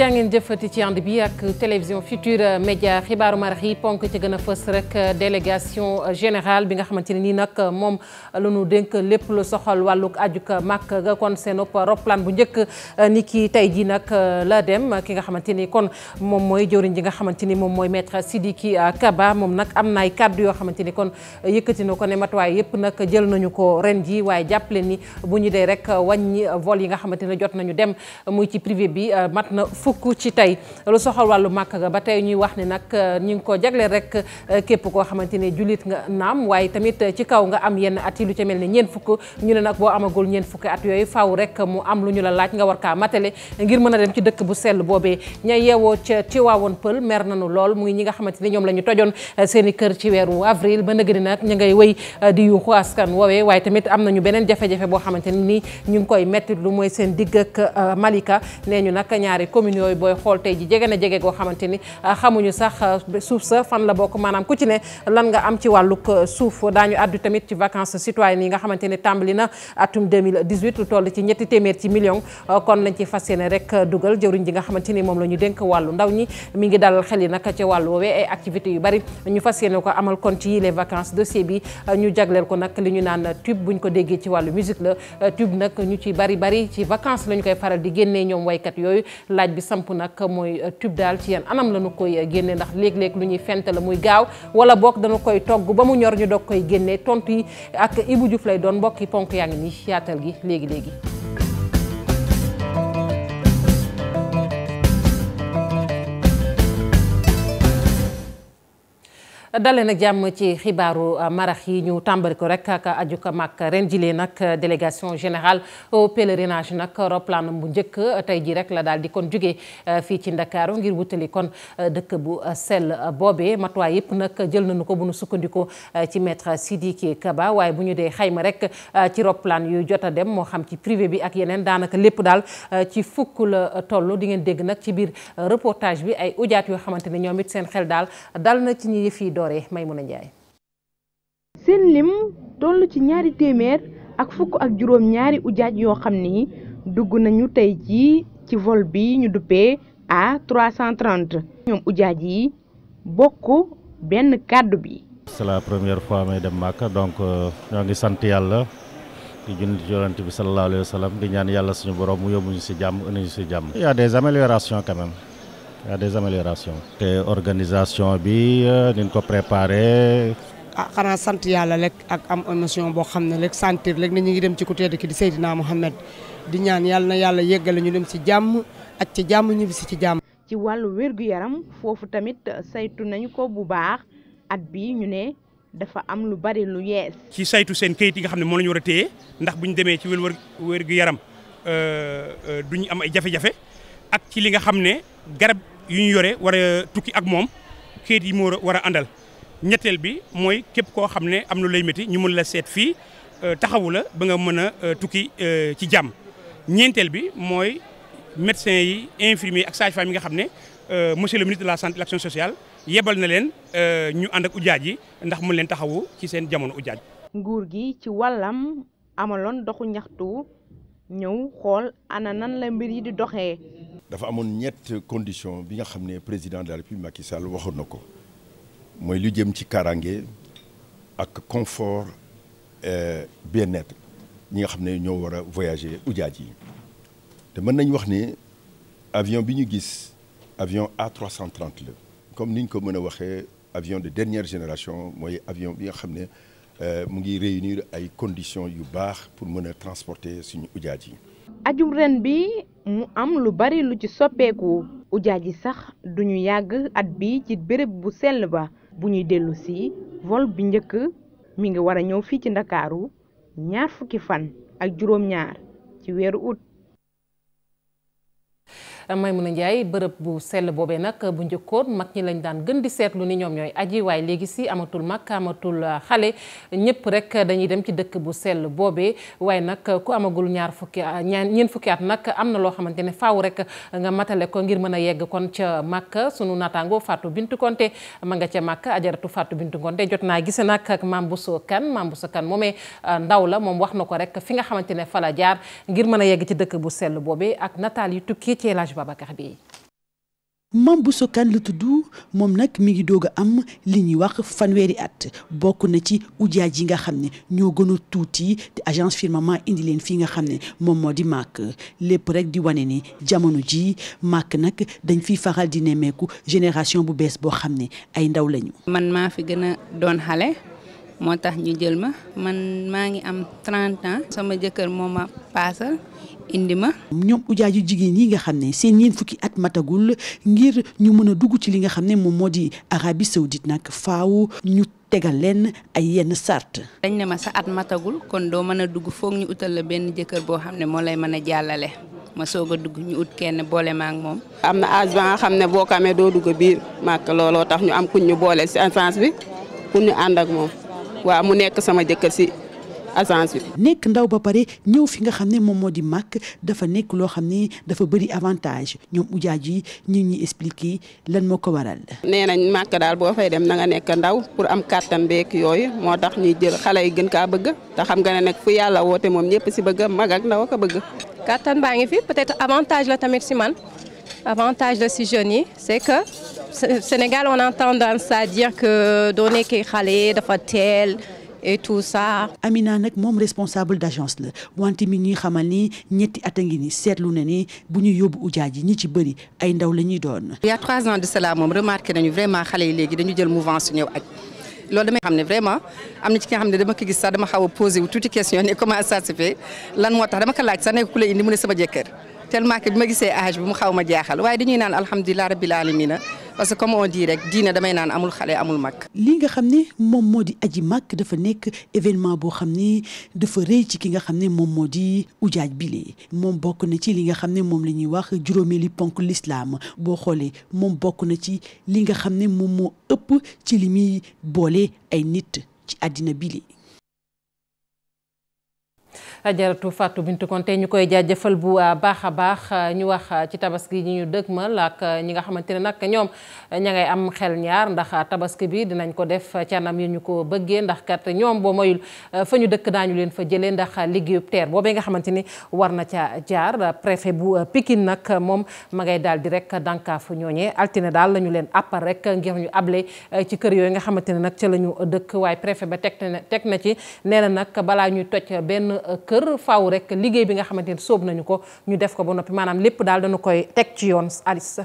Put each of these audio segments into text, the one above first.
jàngeen jëfati ci ànd bi ak télévision Futur Média xibaaru marax yi ponk ci gën a fës rek délégation général bi nga xamante ne nii nag moom la nu dénk lépp lu soxal wàllug ajug màkk ga kon seen op roplaan bu njëkk ni ki tey jii nag la dem ki nga xamante ni kon moom mooy jëwriñ ji nga xamante ni moom mooy maître Sidiki Kaba moom nag am na ay kàddu yoo xamante ni kon yëkkati na ko ne matuwaay yëpp nag jël nañu ko ren ji waaye jàpp ni bu ñu dee rek wàññi vol yi nga xamante ne jot nañu dem fukk ci tey lu soxal wàllu màkk nga ba tey ñuy wax ni nag euh, ñu ngi ko jagleel rek euh, képp koo xamante ne jullit nga naam waaye tamit ci kaw nga am yenn at yi lu ca mel ni ñeen fukk ñu ne nag boo amagul ñeen fukk at yooyu faaw rek mu am lu ñu la laaj nga war kaa matale ngir mën a dem ci dëkk bu sell boobee ña yeewoo ca Tiwaawoon Pël mer nañu lool muy ñi nga xamante ni ñoom lañu tojoon euh, seeni kër ci weeru avril ba nëgëni nag ña ngay wéy di yuuxu askan woowee waaye tamit am nañu beneen jafe boo xamante ni ñu ngi koy metti mooy seen digg ak Malika ñaari commune yooyu booy xool tey ji jege na jege goo xamante ni ah, xamuñu sax ah, suuf sa fan la bokk maanaam ku ci ne lan nga am ci wàllu ah, suuf daañu addu tamit ci vacances citoyennes yi nga xamante ne tàmbali na atum 2018 lu toll ci ñetti téeméer ci million kon lañ ci fas yéene rek dugal jëwriñ ji nga xamante ni moom la ñu dénk wàllu ndaw ñi mi ngi dalal xel yi nag ca wàllu woowee ay activités yu bari ñu fas yéene ko amal kon ci les vacances dossier bi ñu jagleel ko nag li ñu naan tube buñ ko déggee ci wàllu musique la tube nag ñu ci bari bari ci vacances lañu koy faral di génnee ñoom waykat yooyu samp nag mooy tube daal ci yan anam la ñu koy génne ndax léeg-léeg lu ñuy fent la muy gaaw wala boog dañu koy togg ba mu ñor ñu doog koy génne tontu yi ak Ibou Diouf lay doon mbokk yi ponk yaa ngi nii yaatal gi léegi-léegi dale na jàmm ci xibaaru euh, marax yi ñu tàmbali ko rek ak ajuka mag ren jilee nag euh, délégation générale au nag roplaan bu njëkk euh, tey ji rek la daal di kon jógee fii ci ndakaaru ngir wutali kon dëkk bu sel boobee matuwaay yëpp nag jël nañu ko bu nu sukkandikoo ci di Sidiki Kaba waaye bu ñu dee xayma rek ci roplaan yu jot a dem moo xam ci privé bi ak yeneen daanaka lépp daal ci fukk la toll di ngeen dégg nag ci biir reportage bi ay audiat yoo xamante ne ñoom it seen xel daal dooree Maymuna Njaay seen lim toll ci ñaari téeméer ak fukk ak juróom ñaari ujaaj yoo xam ni dugg nañu tey jii ci vol bi ñu duppee A 330 ñoom ujaaj yi bokk benn kàddu bi c'est la première fois may dem Màkka donc euh, ñoo ngi sant yàlla di jullit ci bi sallallahu alayhi wa sallam di ñaan yàlla suñu borom mu yóbbuñu si jàmm ënnuñu si jàmm y des améliorations. organisation bi euh, ni ñu ko préparé. a ah, xanaa sant yàlla lekk ak am émotion boo xam ne rek sentir rek ni ñu ngi dem ci ku tedd ki di Seydina Mohamed di ñaan yàlla na yàlla yeggale ñu dem ci jàmm ak ci jàmm ñibbisi ci jàmm. ci wàllu wér-gu-yaram foofu tamit saytu nañu ko bu baax at bi ñu ne dafa am lu bari lu yees. ci saytu seen kayit yi nga xam ne moo la ñu war a téye ndax bu ñu demee ci wér wér-gu-yaram euh, euh, du ñu am ay jafe-jafe ak ci li nga xam ne garab yu ñu yore war a tukki ak moom kayit yi mu war a àndal ñetteel bi mooy képp koo xam ne am na lay métti ñu mën la seet fii euh, taxawu la ba nga mën a euh, tukki euh, ci jàmm ñeenteel bi mooy médecin yi infirmier ak sage-femme yi nga xam ne monsieur le ministre de la santé et de sociale yebal na leen ñu ànd ak ujaaj yi ndax mën leen taxawu ci seen jamono ujaaj nguur gi ci wàllam amaloon doxu ñaxtu ñëw xool ana nan la mbir yi di doxee dafa amoon ñett condition bi nga xam ne président de la république Macky Sall waxoon na ko mooy lu jëm ci kaaraange ak confort bien-être ñi nga xam ne ñoo war a voyager ujaaj yi te mën nañ wax ne avion bi ñu gis avion A330 la comme ni ñu ko mën a waxee avion de dernière génération mooy avion bi nga xam ne euh, mu ngi réunir ay conditions yu baax pour mën a transporter suñu ujaaj yi. ren bi mu am lu bari lu ci soppeeku ujaa ji sax duñu yàgg at bi ci bërëb bu sell ba bu ñuy dellusi si vol bi njëkk mi ngi war a ñëw fii ci ndakaaru ñaar fukki fan ak juróom ñaar ci weeru ut Maymuna Njaay bërëb bu sell boobee nag bu njëkkoon mag ñi lañ daan gën di seetlu ni ñoom ñooy aji waaye léegi si amatul mag amatul euh, xale ñëpp rek dañuy dem ci dëkk bu sell boobee waaye nag ku amagul ñaar fukki euh, ñeen fukki at nag am na loo xamante ne faaw rek nga matale ko ngir mën a yegg kon ca màkk sunu naataango Fatou Bintou Konté ma nga ca màkk ajaratu Fatou Bintou Konté jot naa gise nag ak Mame Bousso Kane Mame Bousso Kane euh, ndaw la moom wax na ko rek fi nga xamante ne fa la ngir mën a yegg ci dëkk bu sell boobee nataal yu tukki ci Babacar Bèye Mame Bousso Kane la tudd moom nag mi ngi doog a am li ñuy wax fanweeri at bokk na ci ujaaj ji nga xam ne ñoo gën a tuuti te agence Firmaman indi leen fii nga xam ne moom moo di màkk lépp rek di wane ni jamono ji màkk nag dañ fiy faral di nemmeeku génération bu bees boo xam ne ay ndaw lañu. man maa fi gën a doon xale. moo tax ñu jël ma man maa ngi am 30 sama jëkkër moo ma paasal indi ma. ñoom jaaju jigéen yi nga xam ne seen ñeent fukki at matagul ngir ñu mën a dugg ci li nga xam ne moom moo di Arabie Saoudite nag faaw ñu tegal leen ay yenn sart. dañ ne ma sa at matagul kon doo mën a dugg foog ñu utal la benn jëkkër boo xam ne moo lay mën a jàllale ma soog a dugg ñu ut kenn boole ma moom. am na âge xam ne boo ko amee doo dugg biir màkk looloo tax ñu am kuñ ñu boole si enfance bi pour ñu ànd ak moom. waaw mu nekk sama jëkkër si agence bi. nekk ndaw ba pare ñëw fi nga xam ne moom moo di màkk dafa nekk loo xam ne dafa bëri avantage ñoom ujaaj yi ñu ngi ñuy expliquer lan moo ko waral. nee nañ màkk daal boo fay dem na nga nekk ndaw pour am kàttan beek yooyu moo tax ñuy jël xale yi gën kaa bëgg te xam nga ne nag fu yàlla woote moom ñëpp si bëgg mag ak ndaw a ko bëgg. kàttan baa ngi fi peut-être avantage la tamit si man avantage la si jeunes yi c'est que. Sénégal, on a tendance à dire que donner qui xale dafa teel et tout ça. Amina nag moom responsable d'agence la wante mi ñuy xamal ni ñetti at a ngi ni seetlu na ni bu ñu yóbbu ujaaj yi ñi ci bëri ay ndaw la ñuy doon. il y a trois ans de cela moom remarqué vraiment xale yi léegi dañu jël mouvance ñëw ak. loolu damay xam ne vraiment am na ci ki nga xam ne dama ko gis sax dama xaw a posé wu tuuti question ne comment ça se fait lan moo tax dama ko laaj sax ne ku la indi mu ne sama jëkkër tellement que ma gisee âge bi mu xaw ma jaaxal waaye dañuy naan alhamdulilah rabbil alamina parce que comme on dit rek diine damay naan amul xale amul mag. lii nga xam ne moom moo di aji mag dafa nekk événement boo xam ne dafa rëy ci ki nga xam ne moom moo di ujaaj bile moom bokk na ci li nga xam ne moom la ñuy wax juróomeeli ponk lislaam boo xoolee moom bokk na ci li nga xam ne moom moo ëpp ci li muy boole ay nit ci àddina bile. ajaratu Fatou Bintou Konté ñu koy jaajëfal bu ah, baax a baax ah, ñu wax ah, ci tabaski ñi ñu dëgmal ak ñi nga xamante ne nag ñoom ña ngay am xel ñaar ndax tabaski bi dinañ ko def ci nam yi ñu ko bëggee ndax kat ñoom boo moyul fa ñu dëkk daañu leen fa jëlee ndax liggéeyub teer boobee nga xamante ni war na ca jaar préfet bu Pikine nag moom ma ngay daal di rek dankaafu ñooñee altine daal lañu leen appal rek ngir ñu able ci kër yooyu nga xamante ne nag ca la ñu dëkk waaye préfet ba teg na teg na ci nee nag balaa ñuy toj benn kër faaw rek liggéey bi nga xamante ni sóob nañu ko ñu def ko ba noppi maanaam lépp daal dañu koy teg ci yoon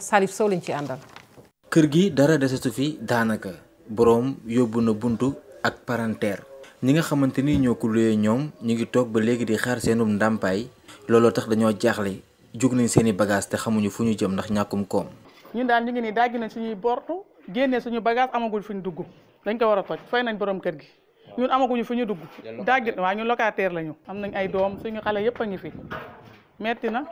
Salif soo lañ ci àndal. kër gi dara desetu fi daanaka boroom yóbbu na buntu ak paranteer ñi nga xamante ni ñoo ko luyee ñoom ñu ngi toog ba léegi di xaar seenum ndàmpaay looloo tax dañoo jaaxle jóg nañ seeni i te xamuñu fu ñu jëm ndax ñàkkum koom. ñun daal ñu ngi nii dagg nañ suñuy bortu génnee suñu bagage amagul fu ñu dugg dañ ko war a kër gi. ñun amaguñu fi ñu dugg daggit waaw ñun locataire lañu am nañ ay doom suñu xale yëpp a ngi fi metti na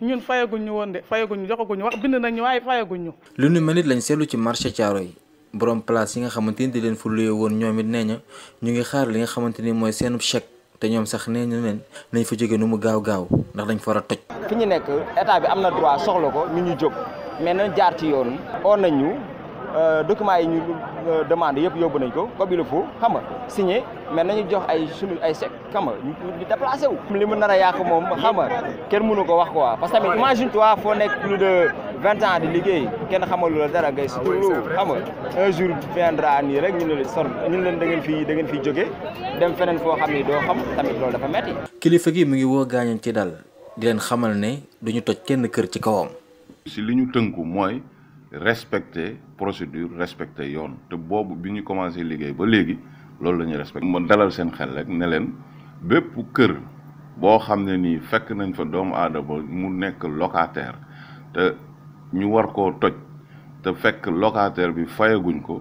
ñun fayaguñ ñu woon de fayaguñ ñu joxaguñ bind nañ waaye fayaguñ ñu. lu nu mel it lañ seetlu ci marché caaro yi borom place yi nga xamante ni di leen fu luye woon ñoom it nee na ñu ngi xaar li nga xamante ni mooy seenu chèque te ñoom sax nee ñu leen nañ fa jógee nu mu gaaw gaaw ndax dañ fa war a toj. fi ñu nekk état bi am na droit soxla ko ñu ñu jóg mais nañ jaar ci yoon oo nañ Euh, documents yi ñu euh, demande yëpp yóbbu nañ ko comme il le faut xam nga signé mais nañu jox ay sunu ay chèque xam nga ñu li mu nar a yàq moom xam nga kenn mënu ko wax quoi parce que tamit imagine toi foo nekk plus de vingt ans di liggéey kenn xamal la dara ngay surtout xam nga un jour viendra nii rek ñu ne leen sonn leen da ngeen fi da ngeen fiy jóge dem feneen foo xam ni doo xam tamit loolu dafa metti kilifa gi mu ngi woo gaañan ci dal di leen xamal ne duñu toj kenn kër ci kawam. si li ñu tënku mooy. respecté procédure respecté yoon te boobu bi ñu commencé liggéey ba léegi loolu la ñuy respecté. ma dalal seen xel rek ne leen bépp kër boo xam ne nii fekk nañ fa doomu aadama mu nekk locataire te ñu war koo toj te fekk locater bi fayaguñ ko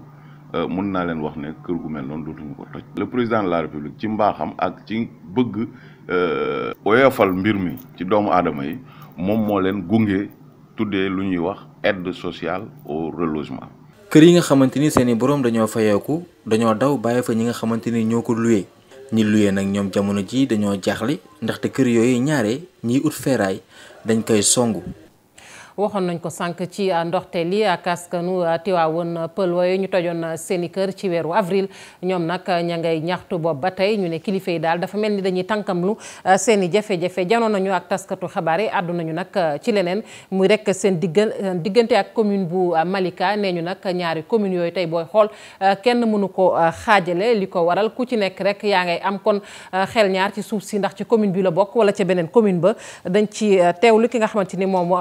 euh, mun naa leen wax ne kër gu mel noonu dootuñu ko toj. le président de la république ci mbaaxam ak ci bëgg. Euh, oyofal mbir mi ci doomu aadama yi moom moo leen gunge. tuddee lu ñuy wax aide sociale au kër yi nga xamante ni seen i borom dañoo fayeeku dañoo daw bàyyi fa ñi nga xamante ni ñoo ko luye ñi luye nag ñoom jamono jii dañoo jaaxle ndaxte kër yooyu ñaare ñiy ut feeraay dañ koy songu. waxoon nañ ko sànq ci euh, ndoxteel yi ak askanu Tiwaawoon pël wooyu ñu tojoon euh, seen i kër ci weeru avril ñoom nag euh, ña ngay ñaxtu boobu ba tey ñu ne kilifa yi daal dafa mel ni dañuy tànkamlu seen i jafe-jafe janoon nañu ak xabaar yi àddu nañu nag ci leneen muy rek seen diggante ak commune bu Malika nee ñu nag ñaari commune yooyu tey booy xool kenn mënu ko xaajale li ko waral ku ci nekk rek yaa ngay am kon xel ñaar ci suuf si ndax ci commune bi la bokk wala ca beneen commune ba dañ ci teewlu ki nga xamante ni moom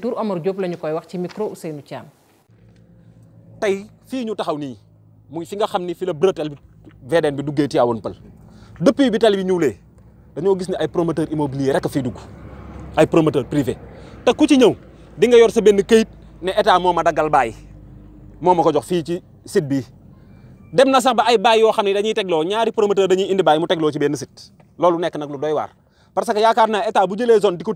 seen tur Omar Diop la ñu koy wax ci micro Ousseynou Thiam. tey fii ñu taxaw nii muy si nga xam ni fi la bretel bi VDN bi duggee Tivaouane Peulh depuis bi tali bi ñuulee dañoo gis ne ay promoteur immobilier rek a fiy dugg ay promoteur privé te ku ci ñëw di nga yor sa benn kayit ne état moom a daggal baay moo ma ko jox fii ci site bii dem na sax ba ay baay yoo xam ne dañuy tegloo ñaari promoteur dañuy indi baay mu tegloo ci benn site loolu nekk nag lu doy waar parce yaakaar naa état bu jëlee zone di ko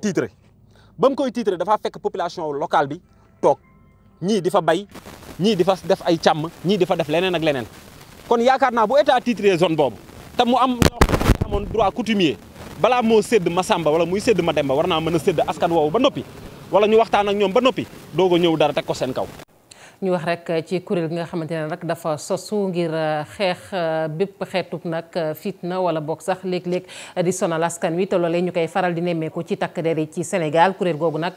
ba mu koy titre dafa fekk population locale bi toog ñii di fa bay ñii di fa def ay càmm ñii di fa def leneen ak leneen kon yaakaar naa bu état titré zone boobu te mu am loo xam ne amoon droit coutumier balaa moo sedd ma sàmba wala muy sédd ma demba war naa mën a sédd askan woowu ba noppi wala ñu waxtaan ak ñoom ba noppi doog a ñëw dara teg ko seen kaw ñu wax rek ci kuréel gi nga xamante ne nag dafa sosu ngir euh, xeex euh, bépp xeetub nag euh, fitna wala boog sax léeg-léeg di sonal askan wi te loolee ñu koy faral di nemmeeku ci takk der yi ci Sénégal kuréel googu nag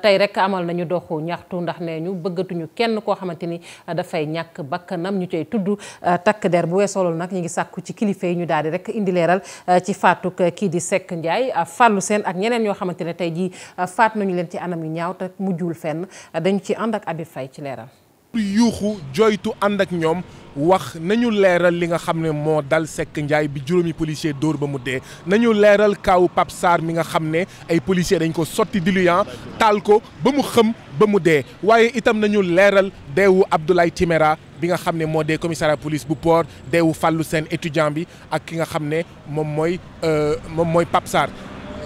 tey rek amal nañu doxu ñaxtu ndax ne ñu bëggatuñu kenn koo xamante ni dafay ñàkk bakkanam ñu cay tudd takk der bu weesoo loolu nag ñu ngi sàkku ci kilifa yi ñu daal di rek indi leeral ci faatuk kii di sekk Ndiaye Fallou seen ak ñeneen ñoo xamante ne tey jii faat nañu leen ci anam yu ñaaw te mujjul fenn dañu ci ànd ak Abi Faye ci leeral ñëpp yuuxu joytu ànd ak ñoom wax nañu leeral li nga xam ne moo dal Seck njaay bi juróomi policier dóor ba mu dee nañu leeral kaawu papsar mi nga xam ne ay policier dañ ko sotti diluant taal ko ba mu xëm ba mu dee waaye itam nañu leeral deewu Abdoulaye Timéra bi nga xam ne moo dee commissariat police bu port deewu Fallou seen étudiant bi ak ki nga xam ne moom mooy euh, moom mooy Pape Sarr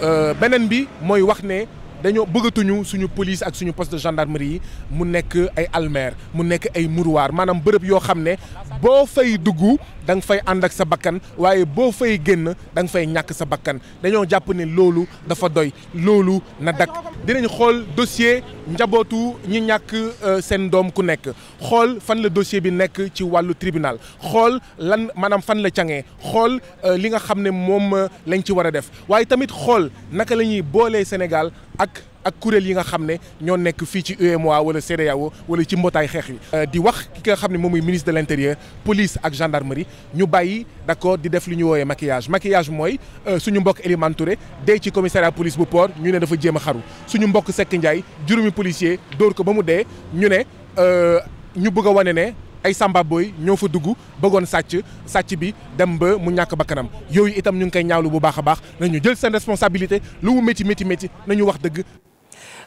euh, beneen bi mooy wax ne dañoo bëggatuñu suñu police ak suñu poste de gendarmerie yi mu nekk ay almer mu nekk ay mouroir maanaam bërëb yoo xam ne boo fay dugg da nga fay ànd ak sa bakkan waaye boo fay génn da fay ñàkk sa bakkan dañoo jàpp ne loolu dafa doy loolu na dakk dinañ xool dossier njabootu ñi ñàkk euh, seen doom ku nekk xool fan la dossier bi nekk ci wàllu tribunal xool lan maanaam fan la cangee xool euh, li nga xam ne moom euh, lañ ci war a def waaye tamit xool naka la ñuy boolee Sénégal ak ak kuréel yi nga xam ne ñoo nekk fii ci UEMOA wala CEDEAO wala ci mbootaay xeex yi euh, di wax ki nga xam ne moom mooy ministre de l'intérieur police ak gendarmerie ñu bàyyi d'accord di def lu ñu woowee maquillage maquillage mooy euh, suñu mbokk Elimane Touré dee ci commissariat police bu poor ñu ne dafa jéem a xaru suñu mbokk Seck Ndiaye juróomi policier dóor ko ba mu dee ñu ne euh, ñu bëgg a wane ne ay Samba Boy ñoo fa dugg bëggoon sàcc sàcc bi dem ba mu ñàkk bakkanam yooyu itam ñu ngi koy ñaawlu bu baax a baax nañu jël seen responsabilité lu mu métti métti na ñu wax dëgg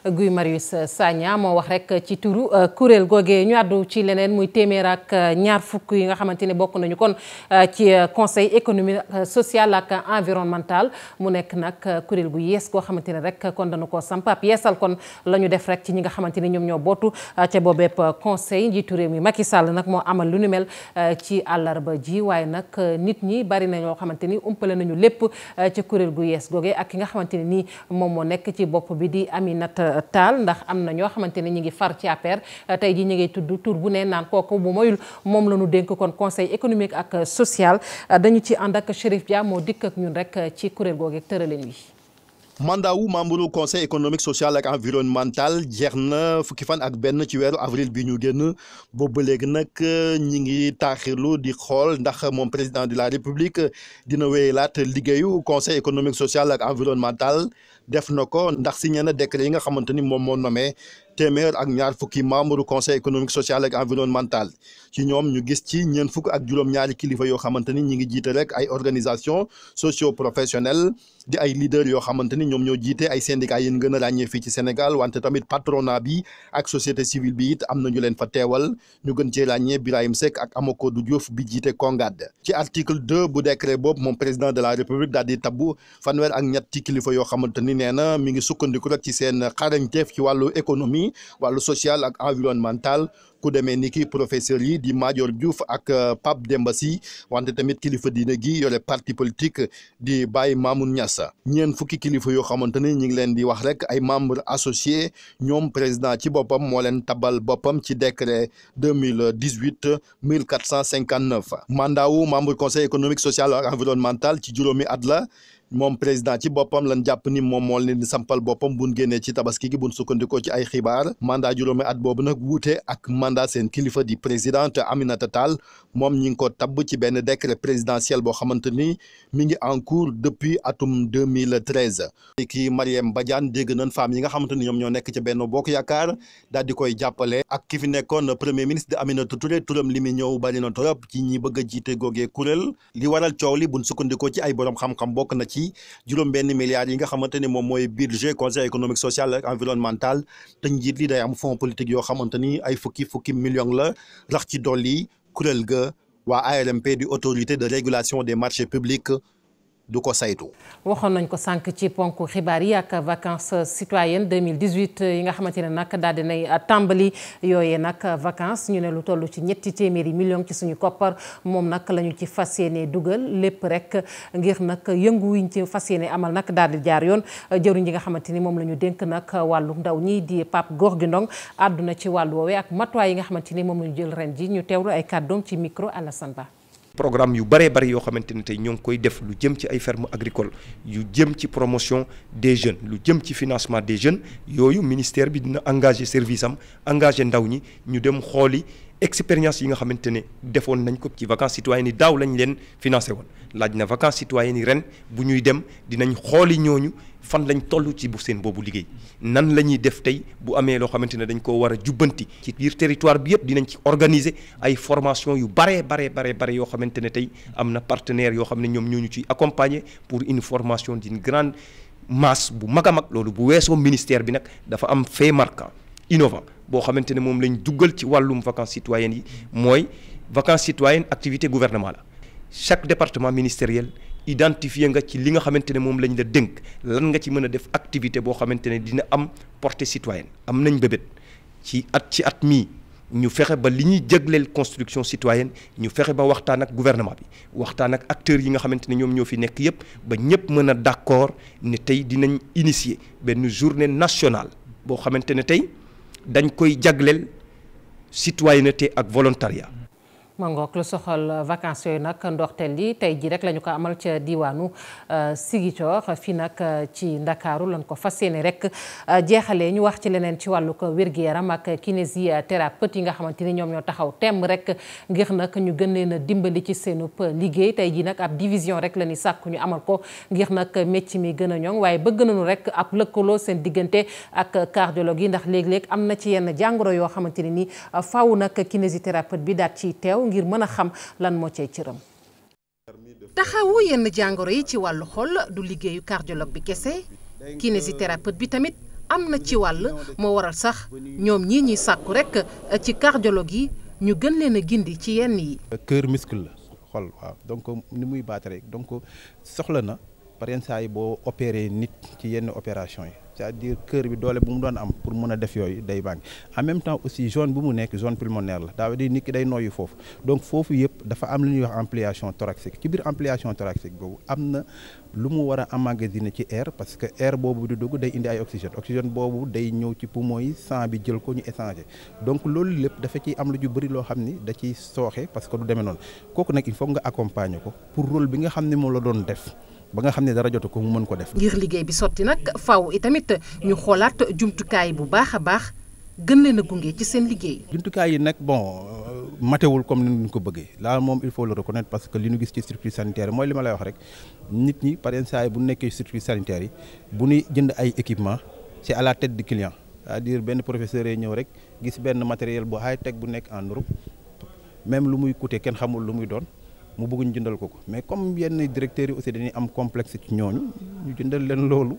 Guy Marius Sagna moo wax rek ci turu euh, kuréel googee ñu àddu ci leneen muy téeméer ak euh, ñaar fukk yi nga xamante ni bokk nañu kon euh, ci conseil économique social ak environnemental mu nekk nag kuréel gu yees koo xamante ne rek kon dañu ko samp ab kon la ñu def rek ci ñi nga xamante ni ñoom ñoo bootu ca boobeeb conseil njiitu réew mi Macky Sall nag moo amal lu nu mel ci àllarba ji waaye nag nit ñi bari na ñoo xamante ni umpale nañu lépp ci kuréel gu yees googee ak ki nga xamante ni moom moo nekk ci bopp bi di Aminata taal ndax am na ñoo xamante ne ñu ngi far ci APR euh, tey ji ñu ngi tudd tur bu ne naan kooku bu moyul moom la ñu dénk kon conseil économique ak social euh, dañu ci ànd ak Chérif Dia moo dikk ak ñun rek euh, ci kuréel googu ak tëraleen wi mandat wu membre conseil économique social ak environnemental jeex na fukki fan ak benn ci weeru avril bi ñu génn boobu ba léegi nag ñi ngi taaxirlu di xool ndax moom président de la république dina wéyalaat liggéeyu conseil économique social ak environnemental def na ko ndax signé na décret yi nga xamante ni moom moo nommé téeméer ak ñaar fukki membre conseil économique social ak environnemental ci ñoom ñu gis ci ñeen fukk ak juróom-ñaari kilifa yoo xamante ni ñi ngi jiite rek ay organisation socio professionnelle di ay leader yoo xamante ni ñoom ñoo jiite ay syndicats yéen gën a ràññee fii ci Sénégal wante tamit patronat bi ak société civile bi it am na ñu leen fa teewal ñu gën cee ràññee Birahim Seck ak Amacodou Diouf bi jiite Congad ci article deux bu décret boobu moom président de la république daal di tabbu fanweer ak ñetti kilifa yoo xamante ni nee na mi ngi sukkandiku rek ci seen xarañteef ci wàllu économie nii wàllu social ak environnemental ku demee ni ki professeur yi di Madior Diouf ak euh, Pape Demba Sy wante tamit kilifa diine gi yore parti politique di Baye Mamoun Niass ñeen fukki kilifa yoo xamante ni ñu ngi leen di wax rek ay membre associé ñoom président ci boppam moo leen tabal boppam ci décret deux mille dix huit mille quatre cent cinquante neuf mandat wu membre conseil économique social ak environnemental ci juróomi at la moom président ci boppam lan jàpp ni moom moo leen di sampal boppam buñ génnee ci tabaski gi buñ sukkandikoo ci ay xibaar mandat juróomi at boobu nag wuute ak mandat seen kilifa di présidente Aminata Tall moom ñi ngi ko tabb ci benn décret présidentiel boo xamante ni mi ngi en cours depuis atum 2013. kii Mariam Badiane dégg nañ femmes yi nga xamante ni ñoom ñoo nekk ci benn bokk yaakaar daal di koy jàppale ak ki fi nekkoon premier ministre di Aminata Touré turam li muy ñëw bari na trop ci ñi bëgg a jiite googee kuréel li waral coow li buñ sukkandikoo ci ay borom xam bokk na ci. ci juróom benn milliards yi nga xamante ne moom mooy budget conseil économique social ak environnemental te njiit day am fon politique yoo xamante ni ay fukki fukki million la rax ci dolli kuréel ga waa ARMP di autorité de régulation des marchés publics du ko saytu. waxoon nañ ko sànq ci ponk xibaar yi ak vacances citoyennes 2018 yi nga xamante ne nag daal di nay tàmbali yooyee nag vacance ñu ne lu toll ci ñetti téeméeri million ci suñu koppar moom nag la ñu ci fas yéene dugal lépp rek ngir nag yëngu yiñ ci fas yéene amal nag daal di jaar yoon jëruñ yi nga xamante ni moom la ñu dénk nag wàllu ndaw ñii di Pape Gorgui Ndong àdduna ci wàllu woowee ak matuwaay yi nga xamante ni moom la ñu jël ren ji ñu teewlu ay kàddoom ci micro Alassane Ba programme yu bëree bëri yoo xamante ne tey ñoo ngi koy def lu jëm ci ay ferme agricole yu jëm ci promotion des jeunes lu jëm ci financement des jeunes yooyu ministère bi dina engagé service am engagé ndaw ñi ñu dem xooli expérience yi nga xamante ne defoon nañ ko ci vacances citoyennes yi daaw lañ leen financé woon laaj na vacances citoyennes yi ren bu ñuy dem dinañ xooli ñooñu fan lañ toll ci bu seen boobu liggéey nan la ñuy def tey bu amee loo xamante ne dañ koo war a jubbanti ci biir territoire bi yëpp dinañ ci organiser ay formation yu baree baree baree bare yoo xamante ne tey am na partenaires yoo xam ne ñoom ñooñu ñu ciy accompagner pour une formation d'une grande masse bu mag a mag loolu bu weesoo ministère bi nag dafa am fait marquant innovant boo xamante ne moom lañ duggal ci wàllum vacances citoyennes yi mooy vacances citoyennes activité gouvernement la chaque département ministériel identifié nga ci li nga xamante ne moom lañ la dënk lan nga ci mën a def activité boo xamante ne dina am porté citoyenne am nañ bébét ci at ci at mii ñu fexe ba li ñuy jagleel construction citoyenne ñu fexe ba waxtaan ak gouvernement bi waxtaan ak acteur yi nga xamante ne ñoom ñoo fi nekk yépp ba ñépp mën a d'accord ne tey dinañ initier benn journée nationale boo xamante ne tey dañ koy jagleel citoyenneté ak volontariat mangook lu soxal euh, vacances yooyu nag ndoxteel yi tey jii rek lañu ko amal ca diwaanu euh, Ziguinchor fii nag euh, ci Ndakaaru lañ ko fa yéene rek jeexalee ñu wax ci leneen ci wàllu ko wér-gu-yaram ak kinésithérapeute yi nga xamante ni ñoom ñoo taxaw temm rek ngir nag ñu gën leen a dimbali ci seenub liggéey tey jii nag ab division rek la ñuy sàkk ñu amal ko ngir nag métier mi gën a ñoŋ waaye bëgg nañu rek ab lëkkaloo seen diggante ak cardiologue yi ndax léeg-léeg am na ci yenn jàngoro yoo xamante ne ni faaw nag kinésithérapeute bi daal ci teew ngir mën a xam lan moo cay cëram. taxawu yenn jàngoro yi ci wàllu xol du liggéeyu cardiologue bi kese kinésithérapeute bi tamit am na ci wàll moo waral sax ñoom ñii ñuy sàkku rek ci cardiologue yi ñu gën leen a gindi ci yenn yi. cœur muscle la xol waaw donc ni muy baat rek donc soxla na par yenn boo opéré nit ci yenn opération yi. c'est-à-dire kër bi doole bu mu doon am pour mën a def yooyu day bàng en même temps aussi zone bu mu nekk zone pulmonaire la daa di nikki ki day noyyu foofu donc foofu yëpp dafa am lu ñu wax ampliation thoracique ci biir ampliation thoracique boobu am na lu mu war a emmagasiner ci air parce que air boobu di dugg day indi ay oxygène oxygène boobu day ñëw ci poumon yi sang bi jël ko ñu échanger donc loolu lépp dafa ci am lu ñu bëri loo xam ni da ciy sooxe parce que du demee noonu nag il faut nga accompagner ko pour rôle bi nga xam ne moom la doon def ba nga xam ne dara jotu ko mu mën ko def. ngir liggéey bi sotti nag faaw itamit ñu xoolaat jumtukaay bu baax a baax gën leen a gunge ci seen liggéey. jumtukaay yi nag bon euh, matewul comme ni ñu ko bëggee laa moom il faut le reconnaître parce que li ñu gis ci circuit sanitaire mooy li wax rek nit ñi par exemple saa yi bu nekkee circuit sanitaire yi bu ñuy jënd ay équipement c'est à la tête du client cest à benn professeur yi ñëw rek gis benn matériel bu high tech bu nekk en même lu muy coûter kenn xamul lu muy doon. mu bëgg ñu jëndal ko ko mais comme yenn directeurs yi aussi dañuy am complexe ci ñooñu ñu jëndal leen loolu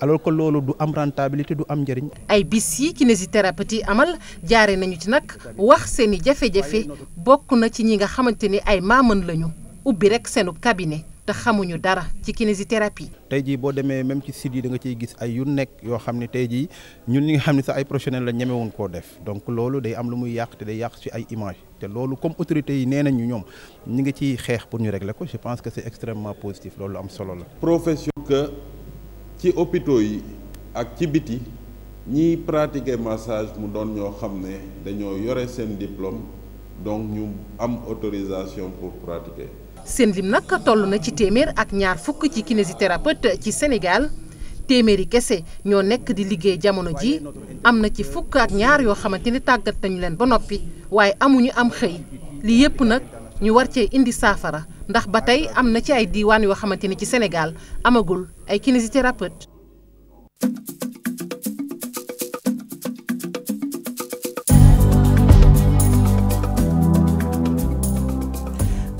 alors que loolu du am rentabilité du am njëriñ. ay bis yi kinésithérapeute yi amal jaare nañu ci nag wax seen i jafe-jafe bokk na ci ñi nga xamante ni ay maaman lañu ubbi rek seenu cabinet. te xamuñu dara ci kinésithérapie. tey jii boo demee même ci site yi da nga ciy gis ay yu nekk yoo xam ne tey jii ñun ñi nga xam ne sax ay professionnels la ñemewuñ koo def donc loolu day am lu muy yàq te day yàq ci ay image te loolu comme autorités yi nee nañu ñoom ñu ngi ciy xeex pour ñu régler ko je pense que c'est extrêmement positif loolu am solo la. profession que ci opito yi ak ci biti ñiy pratiquer massage mu doon ñoo xam ne dañoo yore seen diplôme donc ñu am autorisation pour seen lim nag toll na ci téeméer ak ñaar fukk ci kinésithérapeute ci Sénégal téeméeri kese ñoo nekk di liggéey jamono ji am na ci fukk ak ñaar yoo xamante ni tàggat nañu leen ba noppi waaye amu ñu am xëy lii yépp nag ñu war cee indi saafara ndax ba tey am na ci ay diwaan yoo xamante ni ci Sénégal amagul ay kinésithérapeute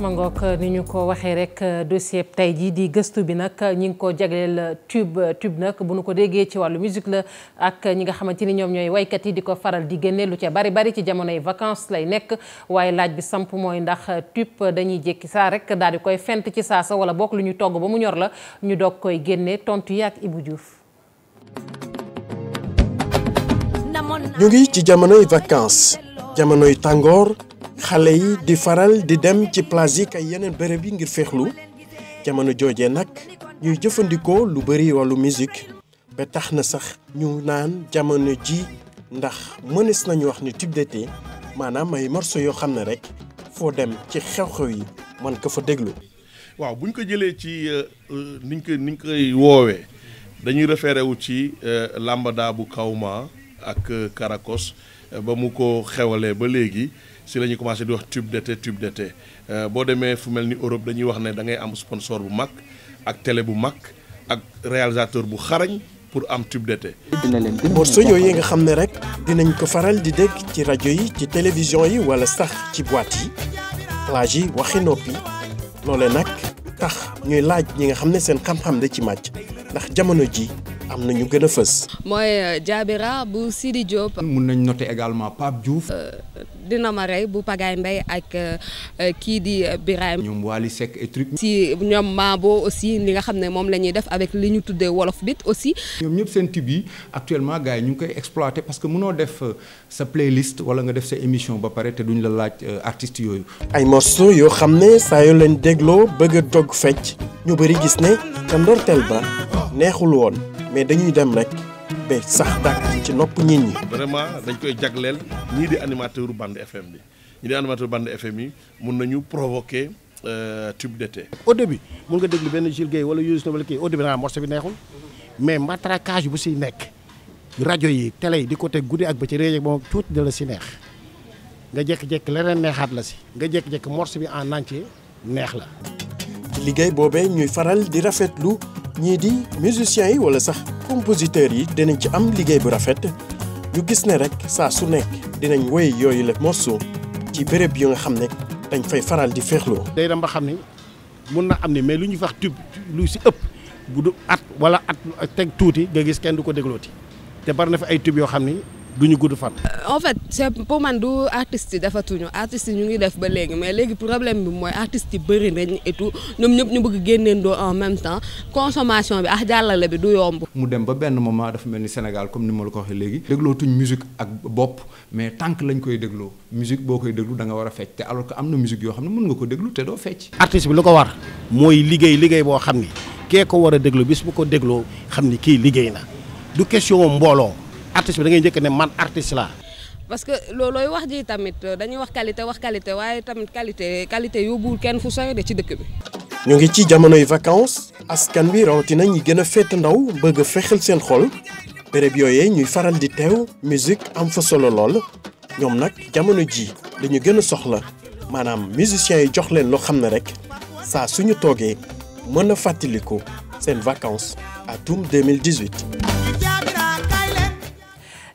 mangook ni ñu ko waxee rek euh, dossier tey jii di gëstu bi nag ñi ngi ko jagleel euh, tube euh, tube nag bu nu ko déggee ci wàllu musique la ak ñi nga xamante ni ñoom ñooy waykat yi di ko faral di génne lu ca bari bari ci jamonoy vacances lay nekk waaye laaj bi samp mooy ndax tube dañuy jékki saa rek daal di koy fent ci saasa wala bokk lu ñu togg ba mu ñor la ñu doog koy génnee tontu yi ak Ibou Diouf. ci jamonoy vacances jamonoy tàngoor. xale yi di faral di dem ci plage yi kay yeneen bërëb yi ngir féexlu jamono joojee nag ñuy jëfandikoo lu bari wallu musique ba tax na sax ñu naan jamono ji ndax mënees nañu wax ni tube d'été maanaam ay morceau yoo xam ne rek foo dem ci xew-xew yi man ko fa déglu. waaw bu ñu ko jëlee ci euh, euh, niñ ko niñ koy woowee dañuy référé wu ci euh, lambada bu kawma ak karakos ba mu ko xewalee ba léegi. si lañu ñuy commencé di wax tube d'été tube d'été euh, boo demee fu mel ni Europe dañuy wax ne da ngay am sponsor bu mag ak télé bu mag ak réalisateur bu xarañ pour am tube d'été. morceau yooyu nga xam ne rek dinañ ko faral di dégg ci rajo yi ci télévision yi wala sax ci boîte yi plage yi waxi noppi loole nag tax ñuy laaj ñi nga xam ne seen xam-xam da ci màcc ndax jamono ji am na ñu gën a fës. mooy Diabira euh, bu Sidi Diop. mun nañ noter également Pape Diouf. Euh, dina ma rey bu Pagaye Mbaye ak euh, kii di Birame. ñoom Wally Seck et truc. si ñoom Mabo aussi li nga xam ne moom la ñuy def avec li ñu tuddee wolof bit aussi. ñoom ñëpp seen tube yi actuellement gars ñu ngi koy exploité parce que mënoo def sa playlist wala nga def sa émission ba pare te duñ la laaj artistes yooyu. ay morceaux yoo xam ne saa yoo leen dégloo bëgg a dog fecc ñu bëri gis ne te ndorteel ba neexul woon. mais dañuy dem rek ba sax dàkk ci nopp nit ñi. vraiment dañ koy jagleel ñii di animateur bande FM bi ñii di animateur bande FM yi mun nañu provoquer euh, tube d'été. au bi mun nga déglu benn Gilles Guèye wala Youssou wala kii au début naa morceau bi neexul mais matraquage bu si nekk rajo yi tele yi di ko teg guddi ak ba ci réew moom tuuti da la si neex nga jékki-jékki leneen neexaat la si nga jékki-jékki morceau bi en entier neex la. liggéey boobee ñuy faral di rafetlu ñii di musiciens yi wala sax compositeurs yi dinañ ci am liggéey bu rafet ñu gis ne rek saa su nekk dinañ woy yooyu la morceau ci béréb yi nga xam ne dañ fay faral di féexloo. day dem ba xam ne mun na am ni mais lu ñuy wax tube lu si ëpp bu du at wala at teg tuuti nga gis kenn du ko déglooti te bari na fi ay tube yoo xam ni. du ñu gudd fan. en fait c'est pour man du artistes yi defatuñu artistes ñu ngi def ba léegi mais léegi problème bi mooy artistes yi bëri nañ et tout ñoom ñëpp ñu bëgg génneendoo en même temps consommation bi ak ah, jàllale bi du yomb. mu dem ba benn moment dafa mel ni Sénégal comme ni ma la ko waxee léegi. déglootuñ musique ak bopp mais tànk lañ koy dégloo musique boo koy déglu da nga war a fecc te alors que am na musique yoo xam ne mën nga ko déglu te doo fecc. artiste bi lu ko war moo liggéey liggéey boo xam ni kee ko war a déglu bis bu ko dégloo xam ni kii liggéey na du question mbooloo. artiste bi da ngay njëkk ne man artiste laa. parce que loolooy wax ji tamit dañuy wax qualité wax qualité waaye tamit qualité qualité yóbbuwul kenn fu sori de ci dëkk bi. ñu ngi ci jamonoy vacances askan bi rawatina ñi gën a féet ndaw bëgg a fexeel seen xol béréb yooyee ñuy faral di teew musique am fa solo lool ñoom nag jamono ji dañu gën a soxla maanaam musiciens yi jox leen loo xam ne rek saa suñu toogee mën a fàttaliku seen vacances atum 2018.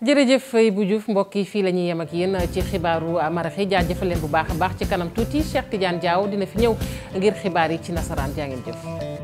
jërëjëf Ibou Diouf mbokk yi fii la ñuy yem ak yéen ci xibaaru maraxi jaajëfal leen bu baax a baax ci kanam tuuti Cheikh Tidiane Diaw dina fi ñëw ngir xibaar yi ci nasaraan jaa ngeen jëf